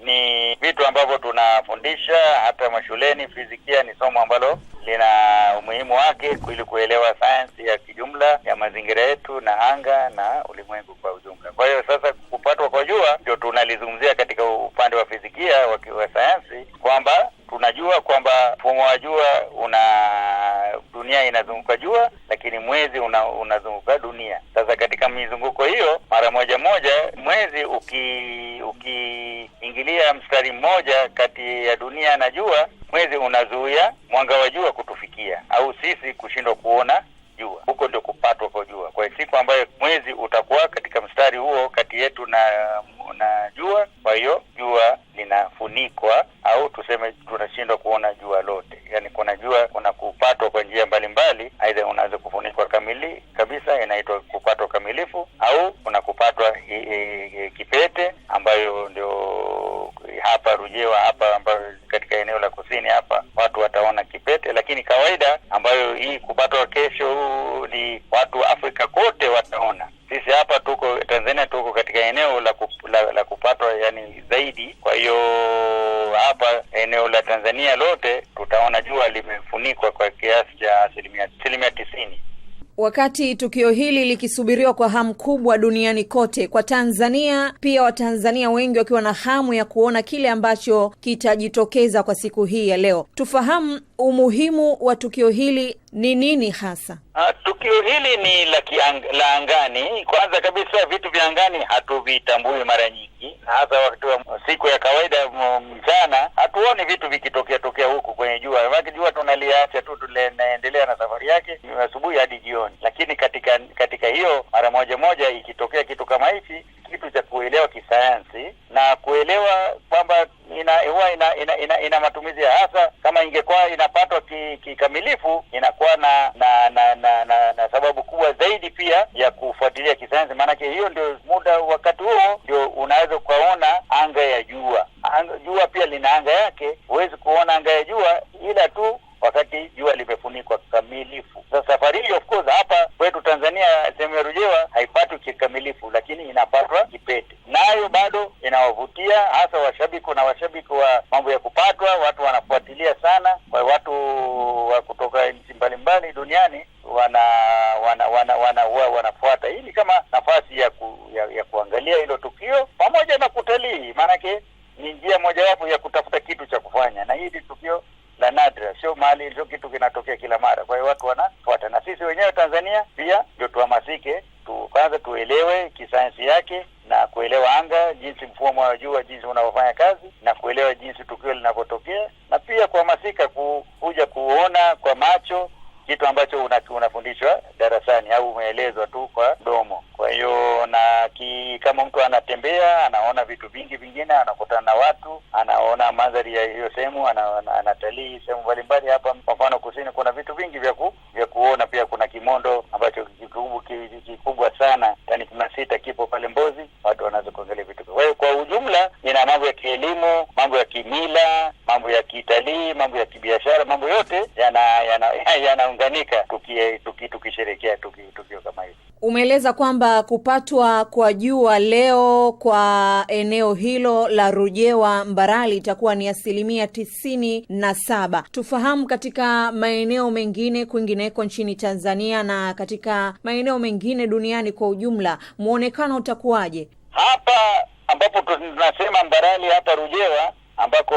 ni vitu ambavyo tunafundisha hata mashuleni. Fizikia ni somo ambalo lina umuhimu wake ili kuelewa sayansi ya kijumla ya mazingira yetu na anga na ulimwengu kwa ujumla. Kwa hiyo sasa, kupatwa kwa jua ndio tunalizungumzia katika upande wa fizikia wa sayansi kwamba tunajua kwamba mfumo wa jua una dunia inazunguka jua, lakini mwezi una, unazunguka dunia. Sasa katika mizunguko hiyo mara moja moja, mwezi uki ukiingilia mstari mmoja kati ya dunia na jua, mwezi unazuia mwanga wa jua kutufikia au sisi kushindwa kuona jua. Huko ndio kupatwa kwa jua. Kwa siku ambayo mwezi utakuwa katika mstari huo kati yetu na na jua, kwa hiyo jua linafunikwa mbalimbali, aidha unaweza kufunikwa kamili kabisa, inaitwa kupatwa ukamilifu, au una kupatwa kipete, ambayo ndio hapa Rujewa hapa ambayo katika eneo la kusini hapa watu wataona kipete, lakini kawaida ambayo hii kupatwa kesho ni watu Afrika kote wataona. Sisi hapa tuko Tanzania, tuko katika eneo la, kup, la, la kupatwa yani zaidi. Kwa hiyo hapa eneo la Tanzania lote tutaona jua limefunikwa kwa kiasi cha asilimia tisini. Wakati tukio hili likisubiriwa kwa hamu kubwa duniani kote, kwa Tanzania pia, Watanzania wengi wakiwa na hamu ya kuona kile ambacho kitajitokeza kwa siku hii ya leo. Tufahamu umuhimu wa tukio hili ni nini hasa? A, ah, tukio hili ni la la angani. Kwanza kabisa, vitu vya angani hatuvitambui mara nyingi, na hasa wakati wa siku ya kawaida mchana kuoni vitu vikitokea jinsi mfumo wa jua jinsi unavyofanya kazi na kuelewa jinsi tukio linavyotokea, na pia kuhamasika kuja kuona kwa macho kitu ambacho una, unafundishwa darasani au umeelezwa tu kwa mdomo. Kwa hiyo na ki, kama mtu anatembea anaona vitu vingi vingine, anakutana na watu, anaona mandhari ya hiyo sehemu, anatalii sehemu mbalimbali. Hapa kwa mfano kusini kuna vitu vingi vya ku, vya kuona. Pia kuna kimondo ambacho kikubwa sana tani kuna sita kipo pale Mbozi, watu wanaweza kuangalia vitu. Kwa hiyo kwa ujumla, ina mambo ya kielimu, mambo ya kimila, mambo ya kitalii, mambo ya kibiashara, mambo yote yana yana, yana tukiunganika tukisherekea tuki, tuki tukio kama hili. Umeeleza kwamba kupatwa kwa jua leo kwa eneo hilo la Rujewa Mbarali itakuwa ni asilimia tisini na saba. Tufahamu katika maeneo mengine kwingineko nchini Tanzania na katika maeneo mengine duniani kwa ujumla, mwonekano utakuwaje? Hapa ambapo tunasema Mbarali hapa Rujewa ambako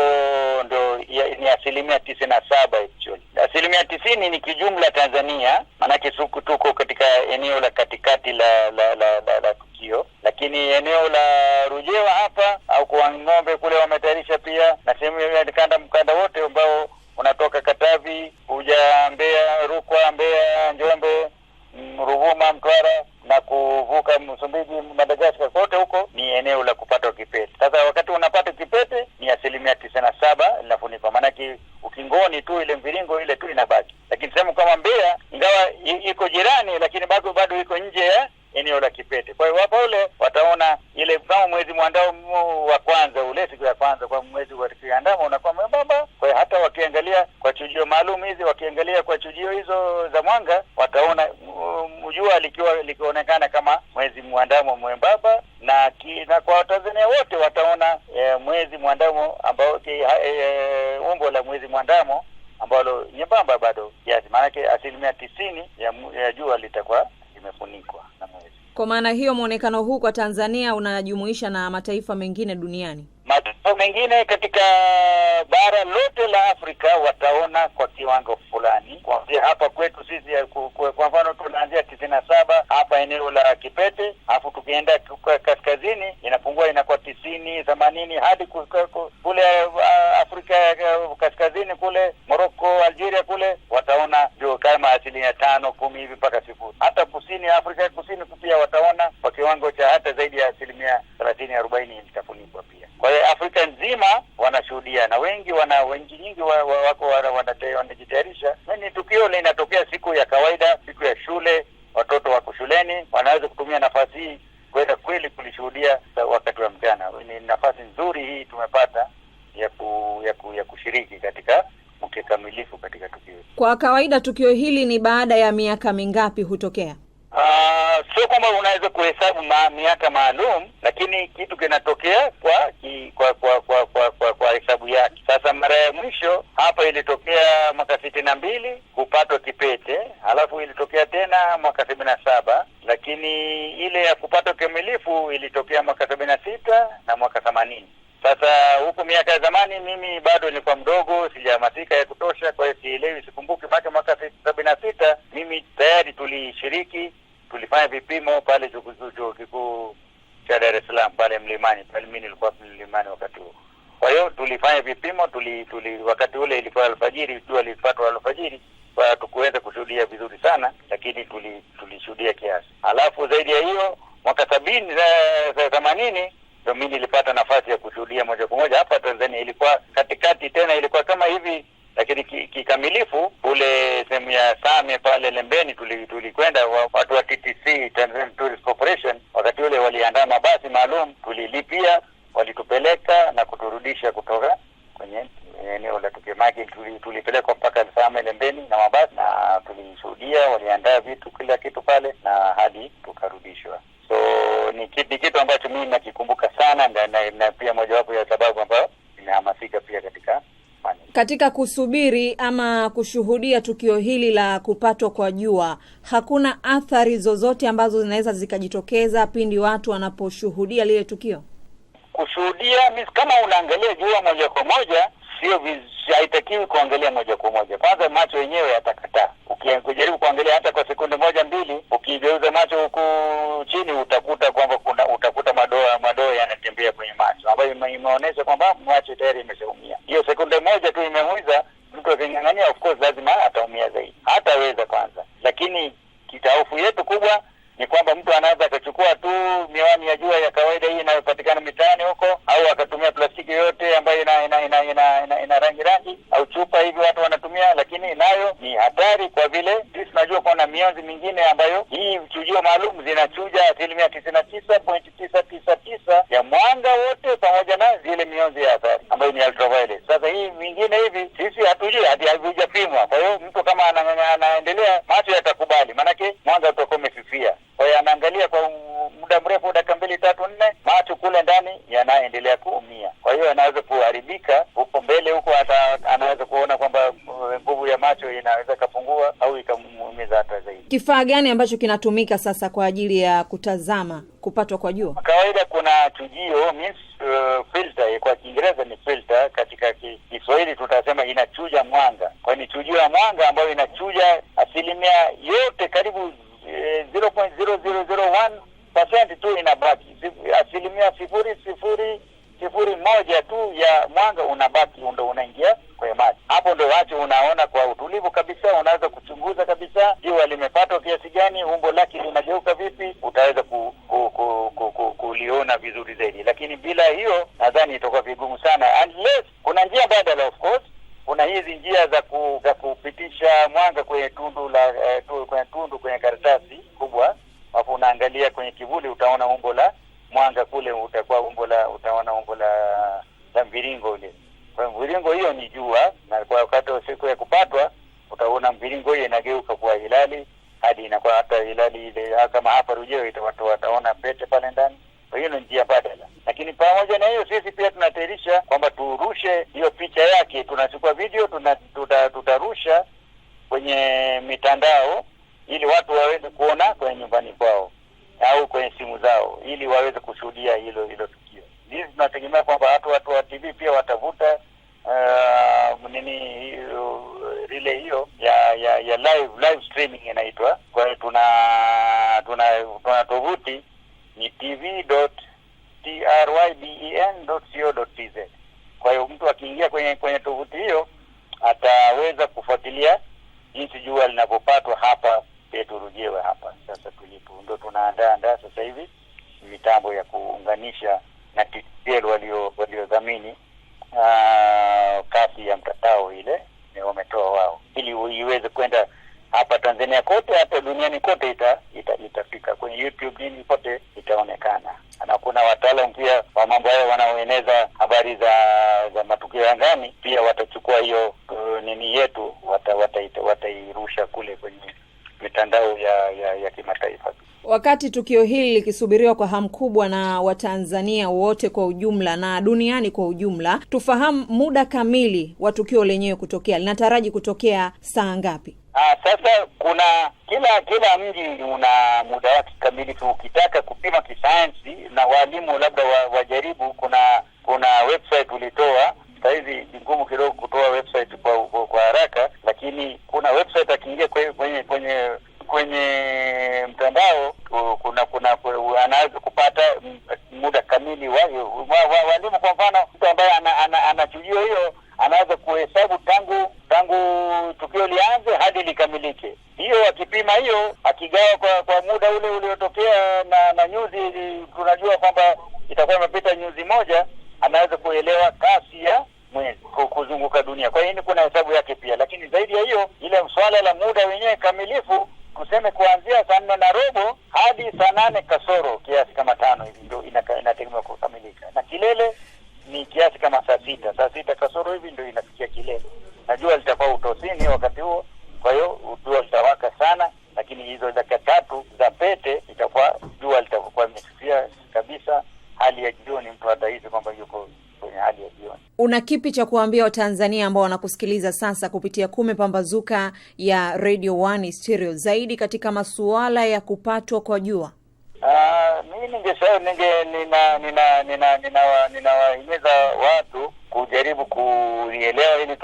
ndo ya, ni asilimia tisini na saba actually. Asilimia tisini ni kijumla Tanzania, maanake suku tuko katika eneo la katikati la la la, la, la tukio, lakini eneo la Rujewa hapa au kwa ng'ombe kule eneo la Kipete. Kwa hiyo wapo ule wataona ile, kama mwezi mwandamo wa kwanza ule, siku ya kwanza kwa mwezi wakiandama unakuwa mwembamba. Kwa hiyo hata wakiangalia kwa chujio maalum hizi, wakiangalia kwa chujio hizo za mwanga, wataona jua likiwa likionekana kama mwezi mwandamo mwembamba na ki, na kwa Watanzania wote wataona e, mwezi mwandamo ambao ki, e, ha, e, umbo la mwezi mwandamo ambalo nyembamba bado kiasi, maanake asilimia tisini ya, ya jua litakuwa limefunikwa. Kwa maana hiyo mwonekano huu kwa Tanzania unajumuisha na mataifa mengine duniani. Mataifa mengine katika bara lote la Afrika wataona kwa kiwango fulani, kuanzia hapa kwetu sisi. Eh, kwa mfano tunaanzia tisini na saba hapa eneo la Kipete, alafu tukienda kaskazini inapungua, inakuwa tisini themanini hadi kule eh, Afrika ya kaskazini kule Morocco, Algeria kule wataona ndio kama asilimia tano kumi hivi mpaka sifuri. Hata kusini Afrika ya kusini pia wataona kwa kiwango cha hata zaidi ya asilimia thelathini arobaini itafunikwa pia. Kwa hiyo Afrika nzima wanashuhudia na wengi wana wengi nyingi wa, wa, wako wanajitayarisha. Ni tukio linatokea siku ya kawaida, siku ya shule, watoto wako shuleni, wanaweza kutumia nafasi hii kuenda kweli kulishuhudia wakati wa mchana. Ni nafasi nzuri hii tumepata kushiriki katika ukikamilifu katika tukio. Kwa kawaida tukio hili ni baada ya miaka mingapi hutokea? Uh, sio kwamba unaweza kuhesabu ma, miaka maalum, lakini kitu kinatokea kwa ki, kwa kwa kwa kwa, kwa, kwa hesabu yake. Sasa mara ya mwisho hapa ilitokea mwaka sitini na mbili kupatwa kipete tuli, tuli wakati ule ilikuwa alfajiri, jua lilipatwa alfajiri kwa tukuweza kushuhudia vizuri sana, lakini tulishuhudia tuli kiasi. Alafu zaidi ya hiyo mwaka sabini eh, themanini ndo mi nilipata nafasi ya kushuhudia moja kwa moja hapa Tanzania. Ilikuwa katikati tena, ilikuwa kama hivi lakini kikamilifu ki kule sehemu ya Same pale Lembeni tulikwenda, tuli watu wa TTC, Tanzania Tourist Corporation, wakati ule waliandaa mabasi maalum, tulilipia, walitupeleka na kuturudisha kutoka kwenye eneo la tukio maji. Tulipelekwa mpaka Salama lembeni na mabasi na tulishuhudia, waliandaa vitu kila kitu pale na hadi tukarudishwa. So ni kitu ambacho mimi nakikumbuka sana na, na, na pia mojawapo ya sababu ambayo imehamasika pia katika katika kusubiri ama kushuhudia tukio hili la kupatwa kwa jua, hakuna athari zozote ambazo zinaweza zikajitokeza pindi watu wanaposhuhudia lile tukio? kushuhudia kama unaangalia jua moja kwa moja sio, haitakiwi kuangalia moja kwa moja. Kwanza macho yenyewe yatakataa. Ukijaribu kuangalia hata kwa sekunde moja mbili, ukigeuza macho huku chini, utakuta kwamba kuna utakuta madoa madoa yanatembea kwenye macho, ambayo imeonyesha kwamba macho tayari imeshaumia. Hiyo sekunde moja tu imeumiza mtu, aking'ang'ania, of course lazima ataumia zaidi, hataweza kwanza. Lakini kitaufu yetu kubwa ni kwamba mtu anaweza akachukua tu miwani ya jua ya kawaida hii inayopatikana mitaani huko, au akatumia plastiki yoyote ambayo ina ina ina, ina, ina, ina rangi rangi au chupa hivi watu wanatumia, lakini nayo ni hatari kwa vile sisi tunajua kuna mionzi mingine ambayo hii chujio maalum zinachuja asilimia tisini na tisa pointi tisa tisa tisa ya mwanga wote pamoja na zile mionzi ya hatari ambayo ni ultraviolet. Sasa hii mingine hivi Kifaa gani ambacho kinatumika sasa kwa ajili ya kutazama kupatwa kwa jua? Kawaida kuna tujio miss, uh, filter kwa Kiingereza ni filter, katika Kiswahili tutasema inachuja mwanga, kwa ni chujio ya mwanga ambayo inachuja asilimia yote karibu eh, 0.0001% tu inabaki, asilimia sifuri sifuri sifuri moja tu ya mwanga unabaki, ndo unaingia kwenye maji, hapo ndo watu unaona kwa za mviringo ile. Kwa mviringo hiyo ni jua, na kwa wakati wa siku ya kupatwa utaona mviringo hiyo inageuka kuwa hilali hadi inakuwa hata hilali ile, ah, kama hapa Rujeo watu wataona pete pale ndani. Kwa hiyo ni njia badala lakini pamoja na hiyo, sisi pia tunatayarisha kwamba turushe hiyo picha yake, tunachukua video tuna, tuta, tutarusha kwenye mitandao ili watu waweze kuona kwenye nyumbani kwao au kwenye simu zao, ili waweze kushuhudia hilo hilo tunategemea kwamba hata watu wa TV pia watavuta uh, nini rile uh, hiyo ya ya, ya live live streaming inaitwa. Kwa hiyo tuna tuna tuna tovuti ni tv.tryben.co.tz. Kwa hiyo mtu akiingia kwenye kwenye tovuti hiyo ataweza kufuatilia jinsi wakiwa angani pia watachukua hiyo uh, nini yetu watairusha wata, wata kule kwenye mitandao ya ya, ya kimataifa. Wakati tukio hili likisubiriwa kwa hamu kubwa na Watanzania wote kwa ujumla na duniani kwa ujumla, tufahamu muda kamili wa tukio lenyewe kutokea. Linataraji kutokea saa ngapi? Ah, sasa kuna kila kila mji una muda wake kamili tu. Ukitaka kupima kisayansi na walimu labda wa, wajaribu, kuna kuna website ulitoa Saa hizi ni ngumu kidogo kutoa website kwa, kwa, haraka, lakini kuna website akiingia kwenye kwenye kwenye mtandao kuna kuna, anaweza kupata muda kamili wa walimu. Kwa mfano, mtu ambaye anachujio hiyo anaweza kuhesabu tangu tangu tukio lianze hadi likamilike. Hiyo akipima hiyo akigawa kwa kwa muda ule uliotokea na, na nyuzi tunajua kwamba itakuwa imepita nyuzi moja, anaweza kuelewa kasi ya mwezi kuzunguka dunia. Kwa hiyo kuna hesabu yake pia, lakini zaidi ya hiyo, ile swala la muda wenyewe kamilifu, tuseme kuanzia saa nne na robo hadi saa nane kasoro kiasi kama tano hivi ndio inategemewa kukamilika, na kilele ni kiasi kama saa sita saa sita kasoro hivi ndio inafikia kilele, na jua litakuwa utosini wakati huo. Kwa hiyo jua litawaka sana, lakini hizo dakika tatu za pete itakuwa jua litakuwa imefifia kabisa, hali ya jioni, mtu hatahisi kwamba yuko kwenye hali ya jioni. Una kipi cha kuwaambia Watanzania ambao wanakusikiliza sasa kupitia Kume Pambazuka ya Radio One Stereo zaidi katika masuala ya kupatwa kwa jua? Uh, ah, ningesaninge nina ninawahimiza nina, nina, nina, watu kujaribu kulielewa ili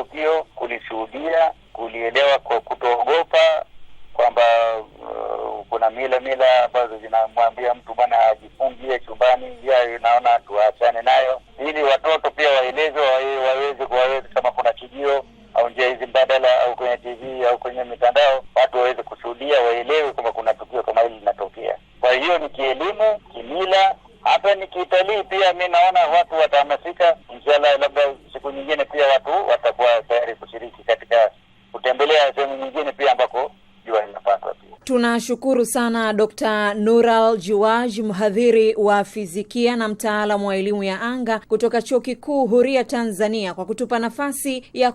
hiyo ni kielimu, kimila, hata ni kitalii pia. Mi naona watu watahamasika, inshallah, labda siku nyingine pia watu watakuwa tayari kushiriki katika kutembelea sehemu nyingine pia ambako jua linapatwa pia. Tunashukuru sana Dr. Nural juaj mhadhiri wa fizikia na mtaalamu wa elimu ya anga kutoka Chuo Kikuu Huria Tanzania kwa kutupa nafasi ya